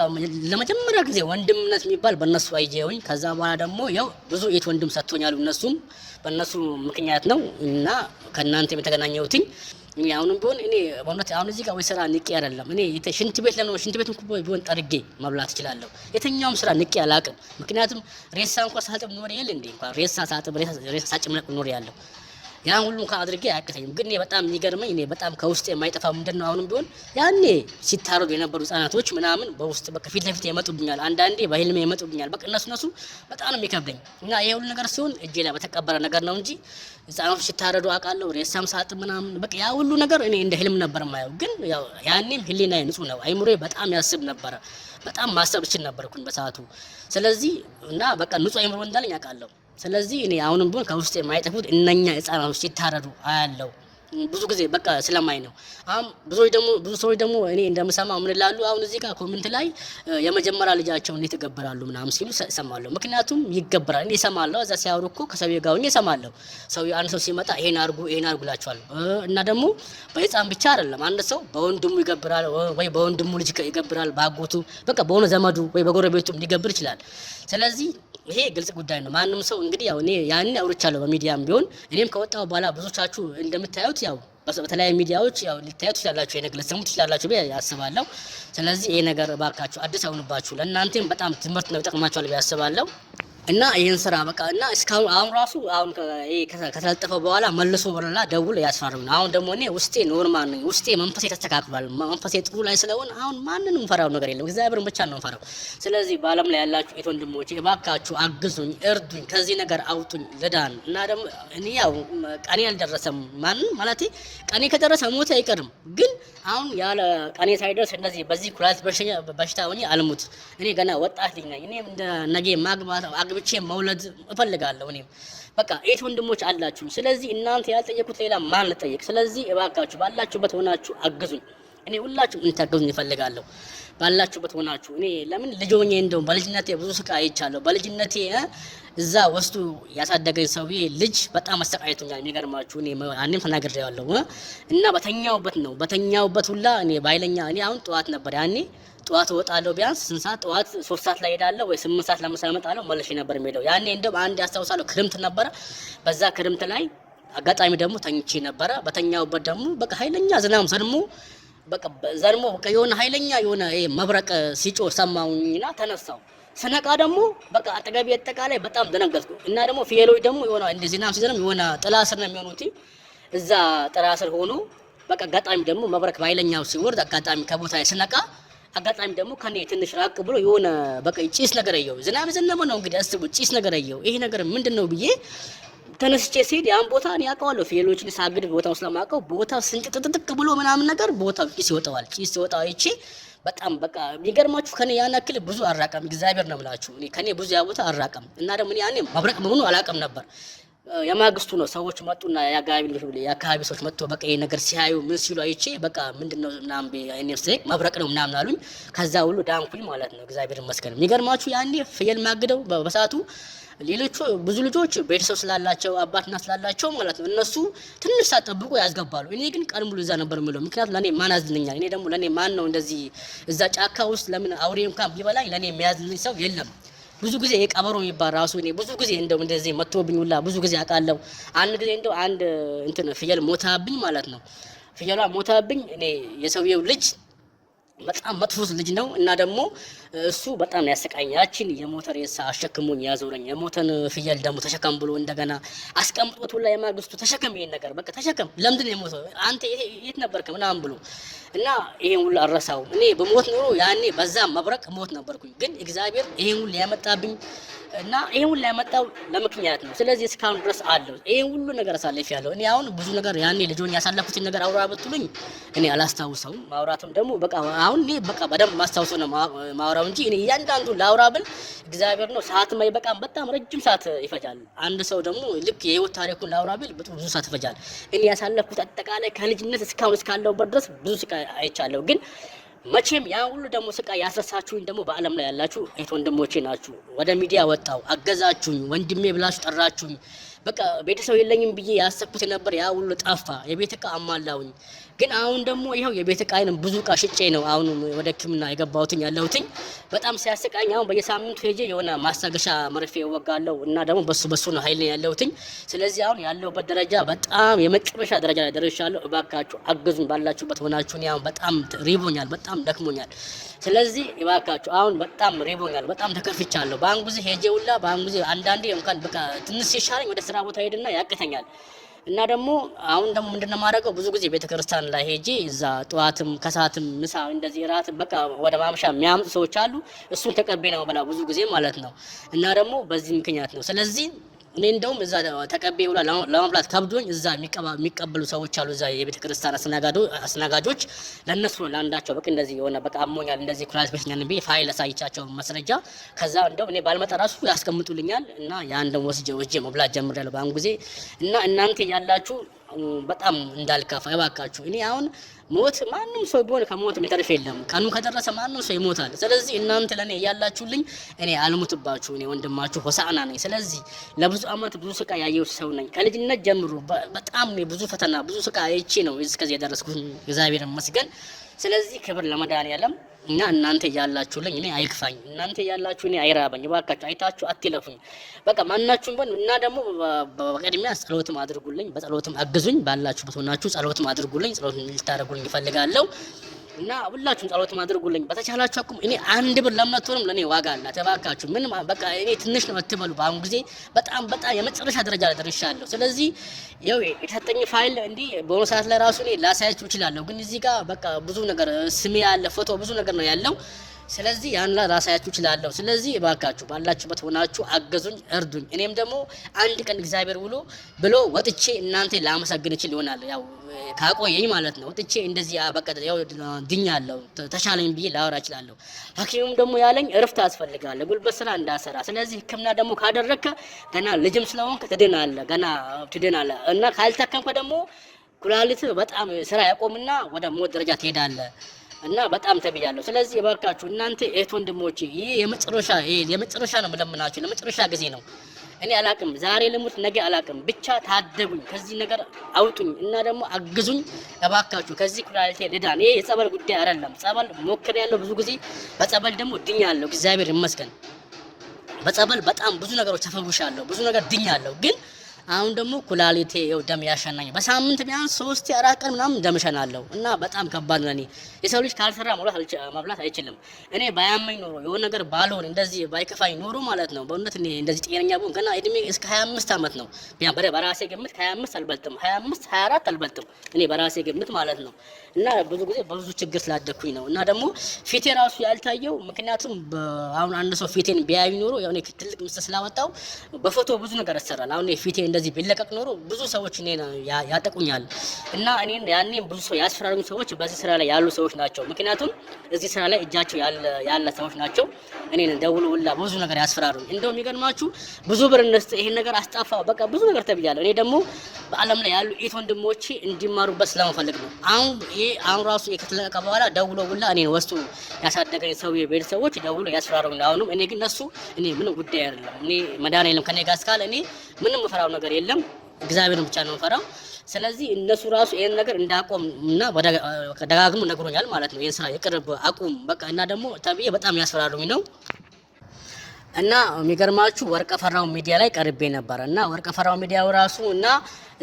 ለመጀመሪያ ጊዜ ወንድምነት የሚባል በእነሱ አይጀውኝ። ከዛ በኋላ ደግሞ ያው ብዙ የት ወንድም ሰጥቶኛሉ። እነሱም በእነሱ ምክንያት ነው እና ከእናንተ የተገናኘሁትኝ አሁንም ቢሆን እኔ በእውነት አሁን እዚህ ጋር ወይ ስራ ንቄ አይደለም። እኔ ሽንት ቤት ለምን ሽንት ቤት ቢሆን ጠርጌ መብላት እችላለሁ። የትኛውም ስራ ንቄ አላቅም። ምክንያቱም ሬሳ እንኳ ሳጥብ ኖር የል እንዴ እንኳ ሬሳ ሳጥብ ሬሳ ሳጭም ኖር ያለው ያን ሁሉ እንኳን አድርጌ አያቅተኝም። ግን እኔ በጣም የሚገርመኝ እኔ በጣም ከውስጥ የማይጠፋ ምንድን ነው አሁንም ቢሆን ያኔ ሲታረዱ የነበሩ ህጻናቶች ምናምን በውስጥ በቃ ፊት ለፊት የመጡብኛል፣ አንዳንዴ በህልሜ የመጡብኛል። በቃ እነሱ እነሱ በጣም ነው የሚከብደኝ እና ይሄ ሁሉ ነገር ሲሆን እጄ ላይ በተቀበረ ነገር ነው እንጂ ህጻናቶች ሲታረዱ አውቃለሁ፣ ሬሳም ሳጥ ምናምን በቃ ያ ሁሉ ነገር እኔ እንደ ህልም ነበር ማየው። ግን ያኔም ህሊና ንጹህ ነው፣ አይምሮ በጣም ያስብ ነበረ፣ በጣም ማሰብ እችል ነበርኩኝ በሰዓቱ። ስለዚህ እና በቃ ንጹህ አይምሮ እንዳለኝ አውቃለሁ። ስለዚህ እኔ አሁንም ቢሆን ከውስጥ የማይጠፉት እነኛ ህጻናቶች ሲታረዱ አያለው። ብዙ ጊዜ በቃ ስለማይ ነው። አሁን ብዙዎች ደግሞ ብዙ ሰዎች ደግሞ እኔ እንደምሰማ ምን ላሉ አሁን እዚህ ጋር ኮሜንት ላይ የመጀመሪያ ልጃቸውን እንዴት ይገበራሉ ምናምን ሲሉ እሰማለሁ። ምክንያቱም ይገበራል፣ እኔ እሰማለሁ። እዛ ሲያወሩ እኮ ከሰውዬው ጋር ሆኜ እሰማለሁ። ሰው አንድ ሰው ሲመጣ ይሄን አርጉ፣ ይሄን አርጉ ላቸዋል። እና ደግሞ በህፃን ብቻ አይደለም፣ አንድ ሰው በወንድሙ ይገብራል ወይ በወንድሙ ልጅ ይገብራል፣ በአጎቱ በቃ በሆነ ዘመዱ ወይ በጎረቤቱ ሊገብር ይችላል። ስለዚህ ይሄ ግልጽ ጉዳይ ነው። ማንም ሰው እንግዲህ ያው እኔ ያንን አውርቻለሁ በሚዲያም ቢሆን እኔም ከወጣሁ በኋላ ብዙቻችሁ እንደምታዩት ያው በተለያዩ ሚዲያዎች ያው ልታዩት ትችላላችሁ፣ ይሄ ነገር ልትሰሙት ትችላላችሁ ብዬ አስባለሁ። ስለዚህ ይሄ ነገር እባካችሁ አዲስ አሁንባችሁ ለእናንተም በጣም ትምህርት ነው ይጠቅማችኋል ብዬ አስባለሁ። እና ይህን ስራ በቃ እና እስካሁን አሁን ራሱ አሁን ከተለጠፈው በኋላ መልሶ በረላ ደውል ያስፈርም ነው። አሁን ደግሞ እኔ ውስጤ ኖርማል ነኝ። ውስጤ መንፈሴ ተስተካክሏል። መንፈሴ ጥሩ ላይ ስለሆነ አሁን ማንንም ፈራው ነገር የለም። እግዚአብሔርን ብቻ ነው ፈራው። ስለዚህ በዓለም ላይ ያላችሁ እህት ወንድሞች እባካችሁ አግዙኝ፣ እርዱኝ፣ ከዚህ ነገር አውጡኝ ልዳን እና ደግሞ እኔ ያው ቀኔ አልደረሰም። ማንም ማለት ቀኔ ከደረሰ ሞት አይቀርም። ግን አሁን ያለ ቀኔ ሳይደርስ እንደዚህ በዚህ ኩላሊት በሽታ ሆኜ አልሙት። እኔ ገና ወጣት ልኝ ነኝ። እኔ እንደ ነገ ማግባት ልጆቼ መውለድ እፈልጋለሁ። እኔም በቃ ኤት ወንድሞች አላችሁ። ስለዚህ እናንተ ያልጠየቁት ሌላ ማን ልጠየቅ? ስለዚህ እባካችሁ ባላችሁበት ሆናችሁ አግዙኝ። እኔ ሁላችሁም እንታገዙኝ እፈልጋለሁ። ባላችሁበት ሆናችሁ እኔ ለምን ልጅ እንደውም በልጅነቴ ብዙ ስቃይ አይቻለሁ። በልጅነቴ እዛ ወስዱ ያሳደገኝ ሰውዬ ልጅ በጣም አሰቃይቶኛል። የሚገርማችሁ እኔ አንም ያለው እና በተኛውበት ነው በተኛውበት ሁላ እኔ ባይለኛ እኔ አሁን ጠዋት ነበር ያኔ ጠዋት እወጣለሁ ቢያንስ ስንት ሰዓት ጠዋት ሶስት ሰዓት ላይ ሄዳለሁ ወይ ስምንት ሰዓት ለምሳ እመጣለሁ መለሽ ነበር የሚሄደው። ያኔ እንደውም አንድ ያስታውሳለሁ ክርምት ነበረ። በዛ ክርምት ላይ አጋጣሚ ደግሞ ተኝቼ ነበረ። በተኛውበት ደግሞ በቃ ሀይለኛ ዝናም ዘንሞ በቃ ዘንሞ በቃ የሆነ ሀይለኛ የሆነ መብረቅ ሲጮ ሰማውኝና ተነሳው ስነቃ ደግሞ በቃ አጠገቢ አጠቃላይ በጣም ደነገጥኩ። እና ደግሞ ፍየሎች ደግሞ የሆነ እንደ ናም ሲዘንም የሆነ ጥላ ስር ነው የሚሆኑት። እዛ ጥላ ስር ሆኖ በቃ አጋጣሚ ደግሞ መብረክ በኃይለኛው ሲወርድ አጋጣሚ ከቦታ ስነቃ አጋጣሚ ደግሞ ከኔ ትንሽ ራቅ ብሎ የሆነ በቃ ጭስ ነገር አየሁ። ዝናብ ዘነበ ነው እንግዲህ አስቡ፣ ጭስ ነገር አየሁ። ይሄ ነገር ምንድን ነው ብዬ ተነስቼ ሲሄድ ያን ቦታ እኔ አውቀዋለሁ። ፊሎችን ሳግድ ቦታው ስለማውቀው ቦታው ስንጥጥጥቅ ብሎ ምናምን ነገር ቦታው ጭስ ይወጣዋል። ጭስ ሲወጣ አይቼ በጣም በቃ የሚገርማችሁ ከኔ ያን አክል ብዙ አራቀም። እግዚአብሔር ነው የምላችሁ፣ እኔ ከኔ ብዙ ያ ቦታ አራቀም እና ደግሞ ያኔ መብረቅ መሆኑ አላውቅም ነበር የማግስቱ ነው ሰዎች መጡና የአካባቢ ሰዎች መጥቶ በቃ ይሄ ነገር ሲያዩ ምን ሲሉ አይቼ በቃ ምንድነው ምናምን መብረቅ ነው ምናምን አሉኝ። ከዛ ሁሉ ዳንኩኝ ማለት ነው። እግዚአብሔር ይመስገን። የሚገርማችሁ ያኔ ፍየል ማግደው በሰዓቱ ሌሎቹ ብዙ ልጆች ቤተሰብ ስላላቸው አባትና ስላላቸው ማለት ነው እነሱ ትንሽ ሳጠብቁ ያስገባሉ። እኔ ግን ቀን ሙሉ እዛ ነበር የምለው። ምክንያቱም ለእኔ ማን አዝንኛል? እኔ ደግሞ ለእኔ ማን ነው እንደዚህ እዛ ጫካ ውስጥ ለምን አውሬ እንኳን ቢበላኝ ለእኔ የሚያዝንኝ ሰው የለም። ብዙ ጊዜ የቀበሮ የሚባል ራሱ እኔ ብዙ ጊዜ እንደው እንደዚህ መጥቶብኝ ሁላ ብዙ ጊዜ አውቃለሁ። አንድ ጊዜ እንደው አንድ እንትን ፍየል ሞታብኝ ማለት ነው። ፍየሏ ሞታብኝ። እኔ የሰውየው ልጅ በጣም መጥፎስ ልጅ ነው እና ደግሞ እሱ በጣም ነው ያሰቃኝ። ያችን የሞተ ሬሳ አሸክሞኝ ያዞረኝ። የሞተን ፍየል ደግሞ ተሸከም ብሎ እንደገና አስቀምጦት ሁላ የማግስቱ ተሸከም፣ ይሄን ነገር በቃ ተሸከም፣ ለምንድን ነው አንተ የት ነበርክ ምናምን ብሎ እና ይሄን ሁሉ አልረሳውም። እኔ በሞት ኖሮ ያኔ በዛ መብረቅ ሞት ነበርኩኝ። ግን እግዚአብሔር ይሄን ሁሉ ያመጣብኝ እና ይሄን ሁሉ ያመጣው ለምክንያት ነው። ስለዚህ እስካሁን ድረስ አለው። ይሄን ሁሉ ነገር አሳልፍ ያለው እኔ አሁን ብዙ ነገር ያኔ ልጆን ያሳለፉትን ነገር አውራ ብትሉኝ እኔ አላስታውሰውም። ማውራትም ደግሞ በቃ አሁን እኔ በቃ በደንብ ማስታውሰው ነው ማውራ የማወራው እንጂ እኔ እያንዳንዱ ላውራ ብል እግዚአብሔር ነው ሰዓት ማይበቃም። በጣም ረጅም ሰዓት ይፈጃል። አንድ ሰው ደግሞ ልክ የህይወት ታሪኩን ላውራ ብል ብዙ ሰዓት ይፈጃል። እኔ ያሳለፍኩት አጠቃላይ ከልጅነት እስካሁን እስካለሁበት ድረስ ብዙ ስቃይ አይቻለሁ። ግን መቼም ያ ሁሉ ደግሞ ስቃይ ያስረሳችሁኝ ደግሞ በዓለም ላይ ያላችሁ እህት ወንድሞቼ ናችሁ። ወደ ሚዲያ ወጣው አገዛችሁኝ፣ ወንድሜ ብላችሁ ጠራችሁኝ በቃ ቤተሰብ የለኝም ብዬ ያሰብኩት ነበር። ያ ሁሉ ጠፋ። የቤት እቃ አሟላውኝ። ግን አሁን ደግሞ ይኸው የቤት እቃ እቃዬን ብዙ እቃ ሽጬ ነው አሁን ወደ ሕክምና የገባሁትኝ ያለሁትኝ። በጣም ሲያሰቃኝ አሁን በየሳምንቱ ሄጄ የሆነ ማስታገሻ መርፌ እወጋለሁ እና ደግሞ በሱ በሱ ነው ኃይል ያለሁትኝ። ስለዚህ አሁን ያለሁበት ደረጃ በጣም የመጨረሻ ደረጃ ላይ ደርሻለሁ። እባካችሁ አግዙኝ ባላችሁበት ሆናችሁን። ያው በጣም ሪቦኛል፣ በጣም ደክሞኛል። ስለዚህ ይባካችሁ አሁን በጣም ሪቦኛል፣ በጣም ተከፍቻለሁ። በአንድ ጊዜ ሄጄ ሁላ በአንድ ጊዜ አንዳንዴ እንኳን በቃ ትንሽ ሲሻለኝ ወደ ስራ ቦታ ሄድና ያቅተኛል። እና ደግሞ አሁን ደግሞ ምንድን ነው የማደርገው? ብዙ ጊዜ ቤተክርስቲያን ላይ ሄጂ እዛ ጠዋትም ከሰዓትም ምሳ እንደዚህ ራት በቃ ወደ ማምሻ የሚያምጡ ሰዎች አሉ። እሱን ተቀቤ ነው በላ ብዙ ጊዜ ማለት ነው። እና ደግሞ በዚህ ምክንያት ነው ስለዚህ እኔ እንደውም እዛ ተቀቤ ውላ ለማምላት ከብዶኝ እዛ የሚቀበሉ ሰዎች አሉ፣ እዛ የቤተ ክርስቲያን አስናጋጆች። ለእነሱ ለአንዳቸው በቃ እንደዚህ የሆነ በቃ አሞኛል፣ እንደዚህ ኩላሊት በሽኛል ብዬ ፋይል አሳይቻቸው ማስረጃ። ከዛ እንደው እኔ ባልመጣ ራሱ ያስቀምጡልኛል እና ያን ደግሞ ወስጄ ወስጄ መብላት ጀምሬያለሁ በአሁኑ ጊዜ እና እናንተ ያላችሁ በጣም እንዳልከፋ እባካችሁ። እኔ አሁን ሞት ማንም ሰው ቢሆን ከሞት የሚተርፍ የለም። ቀኑ ከደረሰ ማንም ሰው ይሞታል። ስለዚህ እናንተ ለእኔ እያላችሁልኝ እኔ አልሞትባችሁ። እኔ ወንድማችሁ ሆሳዕና ነኝ። ስለዚህ ለብዙ ዓመት ብዙ ስቃይ ያየሁት ሰው ነኝ። ከልጅነት ጀምሮ በጣም ብዙ ፈተና፣ ብዙ ስቃይ አይቼ ነው እስከዚህ የደረስኩት። እግዚአብሔር ይመስገን። ስለዚህ ክብር ለመድኃኒዓለም። እና እናንተ ያላችሁልኝ እኔ አይክፋኝ፣ እናንተ ያላችሁ እኔ አይራበኝ። እባካችሁ አይታችሁ አትለፉኝ። በቃ ማናችሁም ቢሆን እና ደግሞ በቅድሚያ ጸሎትም አድርጉልኝ፣ በጸሎትም አግዙኝ። ባላችሁበት ሆናችሁ ጸሎትም አድርጉልኝ። ጸሎት ልታደርጉልኝ እፈልጋለሁ። እና ሁላችሁም ጸሎት አድርጉልኝ በተቻላችሁ አቁም። እኔ አንድ ብር ለምነትሆንም ለእኔ ዋጋ አለ። ተባካችሁ ምንም በቃ እኔ ትንሽ ነው አትበሉ። በአሁኑ ጊዜ በጣም በጣም የመጨረሻ ደረጃ ላይ ደርሻለሁ። ስለዚህ ይኸው የተሰጠኝ ፋይል እንዲህ በሆኑ ሰዓት ላይ ራሱ እኔ ላሳያችሁ እችላለሁ፣ ግን እዚህ ጋር በቃ ብዙ ነገር ስሜ ያለ ፎቶ ብዙ ነገር ነው ያለው ስለዚህ ያን ላሳያችሁ እችላለሁ። ስለዚህ እባካችሁ ባላችሁበት ሆናችሁ አገዙኝ፣ እርዱኝ። እኔም ደግሞ አንድ ቀን እግዚአብሔር ውሎ ብሎ ወጥቼ እናንተ ላመሰግን እችል ይሆናል። ያው ካቆየኝ ማለት ነው። ወጥቼ እንደዚህ በቃ ያው ድኛለሁ፣ ተሻለኝ ብዬ ላወራ እችላለሁ። ሐኪሙም ደግሞ ያለኝ እረፍት አስፈልጋለ፣ ጉልበት ስራ እንዳሰራ። ስለዚህ ህክምና ደግሞ ካደረግከ ገና ልጅም ስለሆንክ ትድናለህ፣ ገና ትድናለህ እና ካልታከምከ ደግሞ ኩላሊት በጣም ስራ ያቆምና ወደ ሞት ደረጃ ትሄዳለህ። እና በጣም ተብያለሁ። ስለዚህ የባካችሁ እናንተ እህት ወንድሞቼ ይህ የመጨረሻ የመጨረሻ ነው የምለምናችሁ፣ ለመጨረሻ ጊዜ ነው። እኔ አላቅም፣ ዛሬ ልሙት ነገ አላቅም፣ ብቻ ታደጉኝ፣ ከዚህ ነገር አውጡኝ እና ደግሞ አግዙኝ እባካችሁ። ከዚህ ኩላሊቴ ልዳን። ይሄ የጸበል ጉዳይ አይደለም። ጸበል ያለው ብዙ ጊዜ፣ በጸበል ደግሞ ድኛለሁ፣ እግዚአብሔር ይመስገን። በጸበል በጣም ብዙ ነገሮች ተፈውሻለሁ፣ ብዙ ነገር ድኛለሁ ግን አሁን ደግሞ ኩላሊቴ ይኸው ደም ያሸናኝ። በሳምንት ቢያንስ ሶስት አራት ቀን ምናምን ደም እሸናለሁ እና በጣም ከባድ ነው። እኔ የሰው ልጅ ካልሰራ መብላት አይችልም። እኔ ባያመኝ ኖሮ የሆነ ነገር ባልሆን እንደዚህ ባይከፋኝ ኖሮ ማለት ነው በእውነት እኔ እንደዚህ ጤነኛ ብሆን ገና እድሜ እስከ አምስት ዓመት ነው በራሴ ግምት 25 አልበልጥም፣ 25 አራት አልበልጥም እኔ በራሴ ግምት ማለት ነው። እና ብዙ ጊዜ በብዙ ችግር ስላደግኩኝ ነው። እና ደግሞ ፊቴ ራሱ ያልታየው ምክንያቱም አሁን አንድ ሰው ፊቴን ቢያዩ ኖሮ ያው ትልቅ ምስል ስላወጣው በፎቶ ብዙ ነገር ይሰራል። አሁን ፊቴ እንደዚህ ቢለቀቅ ኖሮ ብዙ ሰዎች እኔ ያጠቁኛል እና እኔ ያኔ ብዙ ሰው ያስፈራሩኝ ሰዎች በዚህ ስራ ላይ ያሉ ሰዎች ናቸው። ምክንያቱም እዚህ ስራ ላይ እጃቸው ያለ ሰዎች ናቸው። እኔ ደውሎ ሁላ ብዙ ነገር ያስፈራሩኝ። እንደው የሚገርማችሁ ብዙ ብር እንስጥ፣ ይሄን ነገር አስጣፋ፣ በቃ ብዙ ነገር ተብያለሁ። እኔ ደግሞ በአለም ላይ ያሉ ኢት ወንድሞቼ እንዲማሩበት ስለመፈልግ ነው። አሁን ይሄ አሁን ራሱ ከተለቀቀ በኋላ ደውሎ ሁላ እኔን ወስጡ ያሳደገኝ ሰው ቤተሰቦች ደውሎ ያስፈራሩኝ። አሁንም እኔ ግን እነሱ እኔ ምንም ጉዳይ አይደለም እኔ መድኃኒዓለም ከኔ ጋር እስካለ እኔ ምንም ፈራው ነገር ነገር የለም። እግዚአብሔር ብቻ ነው የምፈራው። ስለዚህ እነሱ ራሱ ይሄን ነገር እንዳቆም እና ደጋግሞ ነግሮኛል ማለት ነው። ይሄን ስራ ይቅርብ አቁም በቃ እና ደግሞ ተብዬ በጣም ያስፈራሩኝ ነው እና የሚገርማችሁ ወርቀ ፈራው ሚዲያ ላይ ቀርቤ ነበር እና ወርቀ ፈራው ሚዲያው ራሱ እና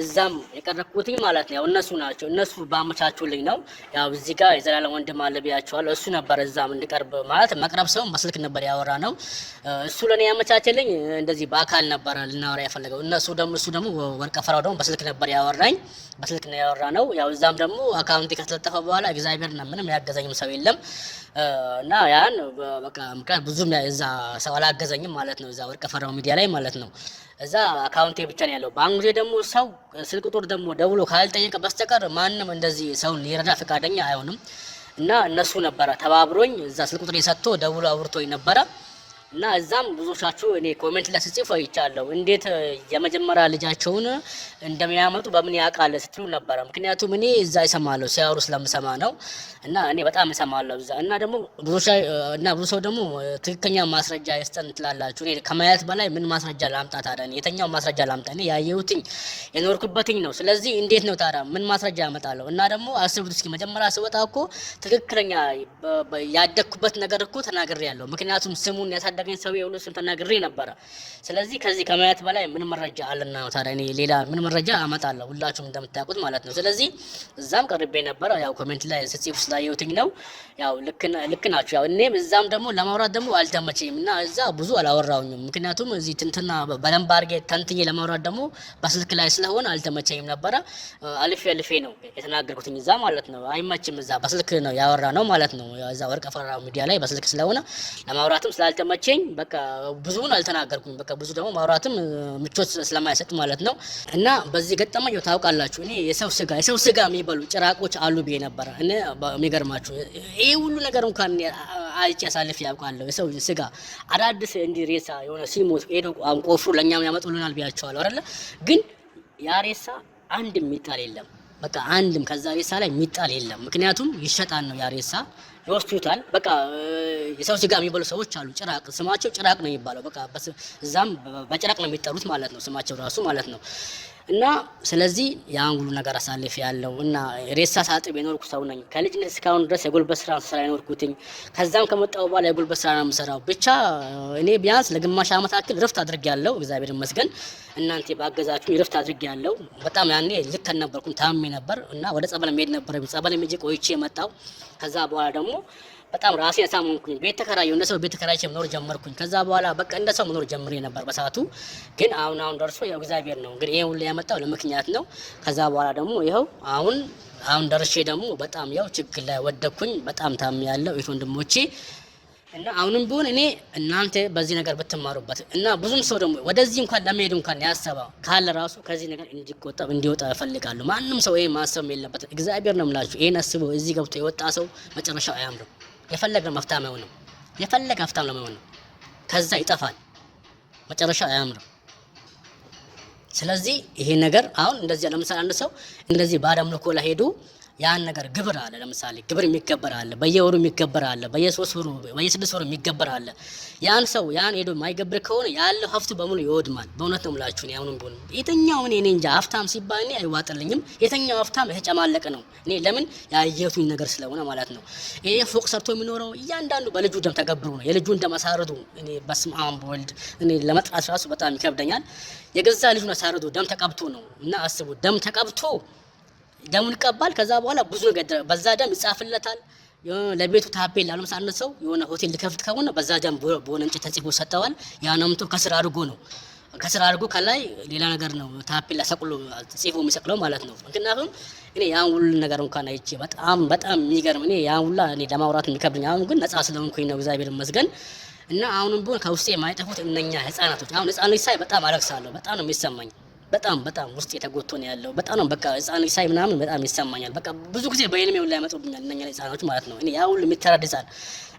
እዛም የቀረብኩትኝ ማለት ነው። እነሱ ናቸው እነሱ ባመቻቹልኝ ነው። ያው እዚህ ጋር የዘላለም ወንድም አለ እሱ ነበር እዛም እንድቀርብ ማለት መቅረብ ሰው በስልክ ነበር ያወራ ነው። እሱ ለእኔ ያመቻቸልኝ እንደዚህ በአካል ነበረ ልናወራ የፈለገው። እነሱ ደግሞ እሱ ደግሞ ፈራው ደግሞ በስልክ ነበር ያወራኝ፣ በስልክ ነው ያወራ ነው። ያው እዛም ደግሞ አካውንት ከተለጠፈ በኋላ እግዚአብሔር ምንም ያገዘኝም ሰው የለም እና ያን በቃ ምክንያት ብዙም እዛ ሰው አላገዘኝም ማለት ነው። እዛ ወርቀፈራው ሚዲያ ላይ ማለት ነው። እዛ አካውንቴ ብቻ ነው ያለው። በአሁኑ ጊዜ ደግሞ ሰው ስልክ ቁጥር ደግሞ ደውሎ ካልጠየቀ በስተቀር ማንም እንደዚህ ሰውን ሊረዳ ፈቃደኛ አይሆንም እና እነሱ ነበረ ተባብሮኝ እዛ ስልክ ቁጥር የሰጥቶ ደውሎ አውርቶኝ ነበረ። እና እዛም ብዙዎቻችሁ እኔ ኮሜንት ላይ ስጽፍ አይቻለሁ። እንዴት የመጀመሪያ ልጃቸውን እንደሚያመጡ በምን ያውቃል ስትሉ ነበረ። ምክንያቱም እኔ እዛ ይሰማለሁ ሲያወሩ ስለምሰማ ነው። እና እኔ በጣም እሰማለሁ እዛ እና ደግሞ እና ብዙ ሰው ደግሞ ትክክለኛ ማስረጃ ይስጠን ትላላችሁ። እኔ ከማየት በላይ ምን ማስረጃ ላምጣ ታዲያ? የተኛው ማስረጃ ላምጣ? እኔ ያየሁትኝ የኖርኩበትኝ ነው። ስለዚህ እንዴት ነው ታዲያ ምን ማስረጃ ያመጣለሁ? እና ደግሞ አስቡት እስኪ መጀመሪያ ስወጣ እኮ ትክክለኛ ያደግኩበት ነገር እኮ ተናግሬያለሁ። ምክንያቱም ስሙን ያሳደ ሳገኝ ሰው የሆነ ስል ተናግሬ ነበረ። ስለዚህ ከዚህ ከማየት በላይ ምን መረጃ አለና ነው ታዲያ እኔ ሌላ ምን መረጃ አመጣለሁ? ሁላችሁም እንደምታውቁት ማለት ነው። ስለዚህ እዛም ቀርቤ ነበረ። ያው ኮሜንት ላይ ስጽፍ ስላየሁትኝ ነው። ያው ልክ ናቸው። ያው እኔም እዛም ደግሞ ለማውራት ደግሞ አልተመቸኝም እና እዛ ብዙ አላወራውኝም። ምክንያቱም እዚህ ትንትና በደንብ አድርጌ ተንትዬ ለማውራት ደግሞ በስልክ ላይ ስለሆነ አልተመቸኝም ነበረ። አልፌ አልፌ ነው የተናገርኩትኝ እዛ ማለት ነው። አይመችም እዛ በስልክ ነው ያወራ ነው ማለት ነው። እዛ ወርቅ ፈራው ሚዲያ ላይ በስልክ ስለሆነ ለማውራትም ስላልተመቸ ስለተመቸኝ በቃ ብዙውን አልተናገርኩም። በቃ ብዙ ደግሞ ማውራትም ምቾት ስለማይሰጥ ማለት ነው። እና በዚህ ገጠመኝ ታውቃላችሁ፣ እኔ የሰው ስጋ የሰው ስጋ የሚበሉ ጭራቆች አሉ ብዬ ነበረ እ የሚገርማችሁ ይህ ሁሉ ነገር እንኳን አይቼ አሳልፍ ያውቃለሁ። የሰው ስጋ አዳድስ እንዲ ሬሳ የሆነ ሲሞት ሄዶ አንቆፍሩ ለእኛም ያመጡልናል ብያቸዋለሁ አይደለ? ግን ያ ሬሳ አንድ የሚጣል የለም። በቃ አንድም ከዛ ሬሳ ላይ የሚጣል የለም። ምክንያቱም ይሸጣል ነው ያ ሬሳ ይወስዱታል። በቃ የሰው ስጋ የሚበሉ ሰዎች አሉ። ጭራቅ ስማቸው ጭራቅ ነው የሚባለው። በቃ እዛም በጭራቅ ነው የሚጠሩት ማለት ነው፣ ስማቸው ራሱ ማለት ነው። እና ስለዚህ ያን ሁሉ ነገር አሳልፍ ያለው እና ሬሳ ሳጥብ የኖርኩ ሰው ነኝ። ከልጅነት እስካሁን ድረስ የጉልበት ስራ ስራ የኖርኩትኝ። ከዛም ከመጣው በኋላ የጉልበት ስራ ነው የምሰራው። ብቻ እኔ ቢያንስ ለግማሽ ዓመት አክል ረፍት አድርግ ያለው እግዚአብሔር ይመስገን። እናንተ ባገዛችሁኝ ረፍት አድርግ ያለው በጣም ያኔ ልክ አልነበርኩም። ታሜ ነበር እና ወደ ጸበል መሄድ ነበር። ጸበል ሄጄ ቆይቼ የመጣው ከዛ በኋላ ደግሞ በጣም ራሴን ሳመንኩኝ። ቤት ተከራየሁ፣ እንደ ሰው ቤት ተከራይቼ መኖር ጀመርኩኝ። ከዛ በኋላ በቃ እንደ ሰው መኖር ጀምሬ ነበር በሰዓቱ። ግን አሁን አሁን ደርሶ ያው እግዚአብሔር ነው እንግዲህ ይሄ ሁሉ ያመጣው ለምክንያት ነው። ከዛ በኋላ ደግሞ ይኸው አሁን አሁን ደርሼ ደግሞ በጣም ያው ችግር ላይ ወደኩኝ። በጣም ታም ያለው ይህ ወንድሞቼ እና አሁንም ቢሆን እኔ እናንተ በዚህ ነገር ብትማሩበት እና ብዙም ሰው ደግሞ ወደዚህ እንኳን ለመሄድ እንኳን ያሰባው ካለ ራሱ ከዚህ ነገር እንዲቆጠብ እንዲወጣ እፈልጋለሁ። ማንም ሰው ይሄ ማሰብ የለበትም። እግዚአብሔር ነው የምላችሁ። ይሄን አስቦ እዚህ ገብቶ የወጣ ሰው መጨረሻው አያምርም። መፍታ ሀብታም ነው የፈለግ መፍታ ነው ነው። ከዛ ይጠፋል፣ መጨረሻ አያምርም። ስለዚህ ይሄ ነገር አሁን እንደዚህ ለምሳሌ አንድ ሰው እንደዚህ ባዕድ አምልኮ ላይ ሄዱ ያን ነገር ግብር አለ። ለምሳሌ ግብር የሚገበር አለ፣ በየወሩ የሚገበር አለ፣ በየሶስት ወሩ በየስድስት ወሩ የሚገበር አለ። ያን ሰው ያን ሄዶ የማይገብር ከሆነ ያለው ሀብቱ በሙሉ ይወድማል። በእውነት ነው የምላችሁ። ያሁኑም ቢሆን የተኛው እኔ እንጃ ሀብታም ሲባል እኔ አይዋጥልኝም። የተኛው ሀብታም የተጨማለቀ ነው። እኔ ለምን ያየሁትኝ ነገር ስለሆነ ማለት ነው። ይህ ፎቅ ሰርቶ የሚኖረው እያንዳንዱ በልጁ ደም ተገብሮ ነው። ደም አሳርዶ እኔ በስመ አብ ወልድ እኔ ለመጥራት ራሱ በጣም ይከብደኛል። የገዛ ልጁን አሳርዶ ደም ተቀብቶ ነው እና አስቡ ደም ተቀብቶ ደሙን ይቀባል። ከዛ በኋላ ብዙ ነገር በዛ ደም ይጻፍለታል። ለቤቱ ታፔል ላለም ሳነት ሰው የሆነ ሆቴል ሊከፍት ከሆነ በዛ ደም በሆነ እንጨት ተጽፎ ሰጠዋል። ያነምቶ ከስር አድርጎ ነው ከስር አድርጎ ከላይ ሌላ ነገር ነው ታፔል ሰቅሎ ጽፎ የሚሰቅለው ማለት ነው። ምክንያቱም እኔ ያን ሁሉ ነገር እንኳን አይቼ በጣም በጣም የሚገርም እኔ ያን ሁላ እኔ ለማውራት የሚከብድኝ አሁን ግን ነጻ ስለሆንኩኝ ነው እግዚአብሔር ይመስገን። እና አሁንም ቢሆን ከውስጤ የማይጠፉት እነኛ ህጻናቶች አሁን ህጻኖች ሳይ በጣም አለቅሳለሁ። በጣም ነው የሚሰማኝ በጣም በጣም ውስጥ የተጎቶ ነው ያለው። በጣም ነው በቃ ህፃን ሳይ ምናምን በጣም ይሰማኛል። በቃ ብዙ ጊዜ በይልሜ ላይ ያመጡብኛል እነኛ ህፃኖች ማለት ነው። እኔ ያ ሁሉ የሚተራድ ህፃን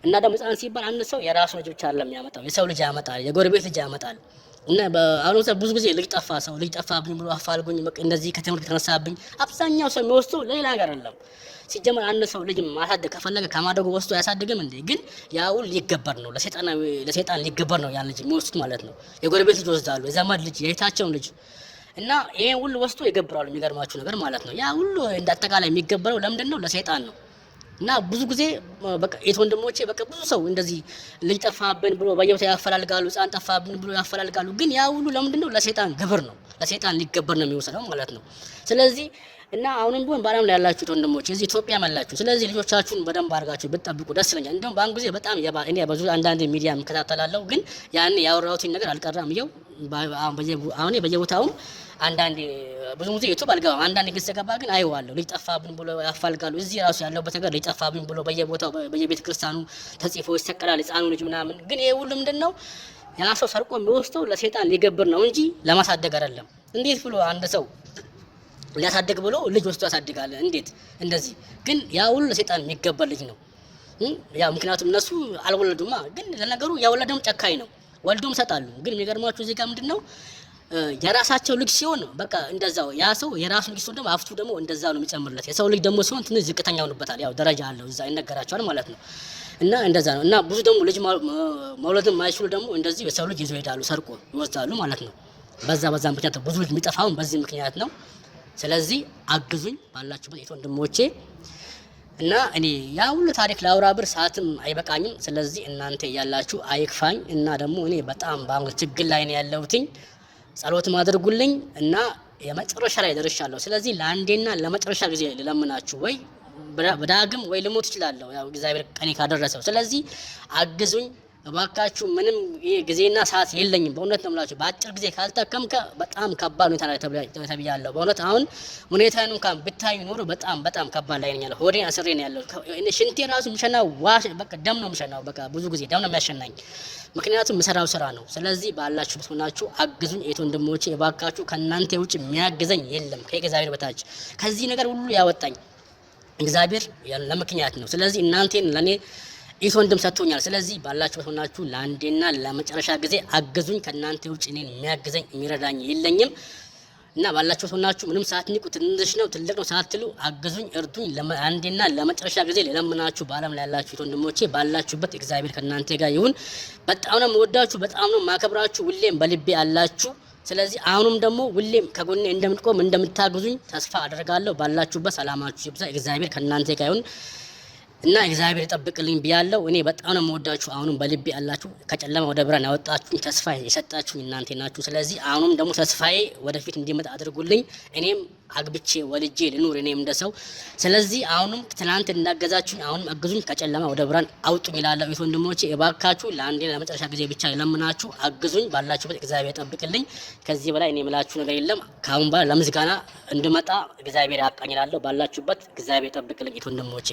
እና ደግሞ ህፃን ሲባል አንድ ሰው የራሱ ልጆች አለ የሚያመጣው የሰው ልጅ ያመጣል፣ የጎረቤት ልጅ ያመጣል። እና በአሁኑ ሰዓት ብዙ ጊዜ ልጅ ጠፋ፣ ሰው ልጅ ጠፋብኝ ብሎ አፋልጉኝ፣ እንደዚህ ከትምህርት የተነሳብኝ አብዛኛው ሰው የሚወስዱ ለሌላ ነገር አይደለም። ሲጀመር አንድ ሰው ልጅ ማሳደግ ከፈለገ ከማደጉ ወስዶ አያሳድግም እንዴ? ግን ያው ሊገበር ነው ለሴጣን ሊገበር ነው ያን ልጅ የሚወስዱት ማለት ነው። የጎረቤት ልጅ ወስዳሉ፣ የዘመድ ልጅ፣ የቤታቸውን ልጅ እና ይሄን ሁሉ ወስዶ ይገብራሉ። የሚገርማችሁ ነገር ማለት ነው። ያ ሁሉ እንዳጠቃላይ የሚገበረው ለምንድን ነው? ለሰይጣን ነው። እና ብዙ ጊዜ በቃ የት ወንድሞቼ በቃ ብዙ ሰው እንደዚህ ልጅ ጠፋብን ብሎ በየቦታው ያፈላልጋሉ፣ ህፃን ጠፋብን ብሎ ያፈላልጋሉ። ግን ያ ሁሉ ለምንድን ነው? ለሰይጣን ግብር ነው። ለሰይጣን ሊገበር ነው የሚወሰደው ማለት ነው። ስለዚህ እና አሁንም ቢሆን በዓለም ላይ ያላችሁት ወንድሞች እዚህ ኢትዮጵያ ያላችሁ፣ ስለዚህ ልጆቻችሁን በደንብ አድርጋችሁ ብትጠብቁ ደስ ይለኛል። እንዲሁም በአሁን ጊዜ በጣም እኔ ብዙ አንዳንድ ሚዲያ የምከታተላለሁ፣ ግን ያን ያወራሁትን ነገር አልቀራም። ይኸው አሁን በየቦታውም አንዳንድ ብዙ ጊዜ ዩቱብ አልገባም። አንዳንድ ጊዜ ገባ ግን አይዋለሁ። ልጅ ጠፋብን ብሎ ያፋልጋሉ። እዚህ ራሱ ያለሁበት ነገር ልጅ ጠፋብን ብሎ በየቦታው በየቤተ ክርስቲያኑ ተጽፎ ይሰቀላል፣ ህፃኑ ልጅ ምናምን። ግን ይህ ሁሉ ምንድን ነው? ያን ሰው ሰርቆ የሚወስደው ለሴጣን ሊገብር ነው እንጂ ለማሳደግ አይደለም። እንዴት ብሎ አንድ ሰው ሊያሳድግ ብሎ ልጅ ወስዶ ያሳድጋል። እንዴት እንደዚህ ግን ያ ሁሉ ለሴጣን የሚገባ ልጅ ነው። ያ ምክንያቱም እነሱ አልወለዱማ። ግን ለነገሩ ያወለደም ጨካኝ ነው፣ ወልዶም ይሰጣሉ። ግን የሚገርማቸው እዚህ ጋር ምንድን ነው የራሳቸው ልጅ ሲሆን በቃ እንደዛው ያ ሰው የራሱ ልጅ ሲሆን ደግሞ አፍቱ ደግሞ እንደዛ ነው የሚጨምርለት። የሰው ልጅ ደግሞ ሲሆን ትንሽ ዝቅተኛ ሆንበታል። ያው ደረጃ አለው እዛ ይነገራቸዋል ማለት ነው። እና እንደዛ ነው። እና ብዙ ደግሞ ልጅ መውለድ የማይችሉ ደግሞ እንደዚህ የሰው ልጅ ይዞ ይሄዳሉ፣ ሰርቆ ይወስዳሉ ማለት ነው። በዛ በዛ ምክንያት ብዙ ልጅ የሚጠፋውን በዚህ ምክንያት ነው። ስለዚህ አግዙኝ ባላችሁበት የት ወንድሞቼ እና እኔ ያ ሁሉ ታሪክ ላውራ ብር ሰዓትም አይበቃኝም። ስለዚህ እናንተ እያላችሁ አይክፋኝ እና ደግሞ እኔ በጣም በአሁኑ ችግር ላይ ነው ያለሁትኝ። ጸሎት ማድርጉልኝ እና የመጨረሻ ላይ ደርሻለሁ። ስለዚህ ለአንዴና ለመጨረሻ ጊዜ ልለምናችሁ ወይ በዳግም ወይ ልሞት እችላለሁ፣ ያው እግዚአብሔር ቀኔ ካደረሰው። ስለዚህ አግዙኝ። እባካችሁ ምንም ጊዜና ሰዓት የለኝም። በእውነት ነው የምላችሁ። በአጭር ጊዜ ካልጠቀምከ በጣም ከባድ ሁኔታ ላይ ተብያለሁ። በእውነት አሁን ሁኔታን እንኳን ብታይ ኖሮ በጣም በጣም ከባድ ላይ ነኝ ሆዴ አስሬ ነው ያለው። ሽንቴ ራሱ ምሸናው ዋሽ በቃ ደም ነው ምሸናው። በቃ ብዙ ጊዜ ደም ነው የሚያሸናኝ፣ ምክንያቱም ምሰራው ስራ ነው። ስለዚህ ባላችሁ ብትሆናችሁ አግዙኝ እህት ወንድሞቼ፣ እባካችሁ ከእናንተ ውጭ የሚያግዘኝ የለም ከእግዚአብሔር በታች ከዚህ ነገር ሁሉ ያወጣኝ እግዚአብሔር ለምክንያት ነው። ስለዚህ እናንተን ለእኔ ይህ ወንድም ሰጥቶኛል። ስለዚህ ባላችሁ ሆናችሁ ለአንዴና ለመጨረሻ ጊዜ አገዙኝ። ከእናንተ ውጭ እኔን የሚያግዘኝ የሚረዳኝ የለኝም እና ባላችሁ ሆናችሁ ምንም ሳትንቁ፣ ትንሽ ነው ትልቅ ነው ሳትሉ አገዙኝ፣ እርዱኝ። አንዴና ለመጨረሻ ጊዜ ለለምናችሁ በዓለም ላይ ያላችሁት ወንድሞቼ ባላችሁበት እግዚአብሔር ከእናንተ ጋር ይሁን። በጣም ነው የምወዳችሁ፣ በጣም ነው ማከብራችሁ። ሁሌም በልቤ አላችሁ። ስለዚህ አሁንም ደግሞ ሁሌም ከጎኔ እንደምትቆም እንደምታግዙኝ ተስፋ አደርጋለሁ። ባላችሁበት ሰላማችሁ ይብዛ። እግዚአብሔር ከእናንተ ጋር ይሁን። እና እግዚአብሔር ይጠብቅልኝ ብያለው። እኔ በጣም ነው የምወዳችሁ። አሁንም በልቤ ያላችሁ ከጨለማ ወደ ብርሃን ያወጣችሁኝ ተስፋ የሰጣችሁኝ እናንተ ናችሁ። ስለዚህ አሁንም ደግሞ ተስፋዬ ወደፊት እንዲመጣ አድርጉልኝ። እኔም አግብቼ ወልጄ ልኑር እኔም እንደሰው። ስለዚህ አሁንም ትናንት እንዳገዛችሁኝ አሁንም አግዙኝ፣ ከጨለማ ወደ ብርሃን አውጡኝ ይላለው ቤት ወንድሞቼ የባካችሁ ለአንዴ ለመጨረሻ ጊዜ ብቻ ለምናችሁ አግዙኝ። ባላችሁበት እግዚአብሔር ይጠብቅልኝ። ከዚህ በላይ እኔ የምላችሁ ነገር የለም። ከአሁን በኋላ ለምስጋና እንድመጣ እግዚአብሔር ያቃኝ ባላችሁበት እግዚአብሔር ይጠብቅልኝ ቤት ወንድሞቼ።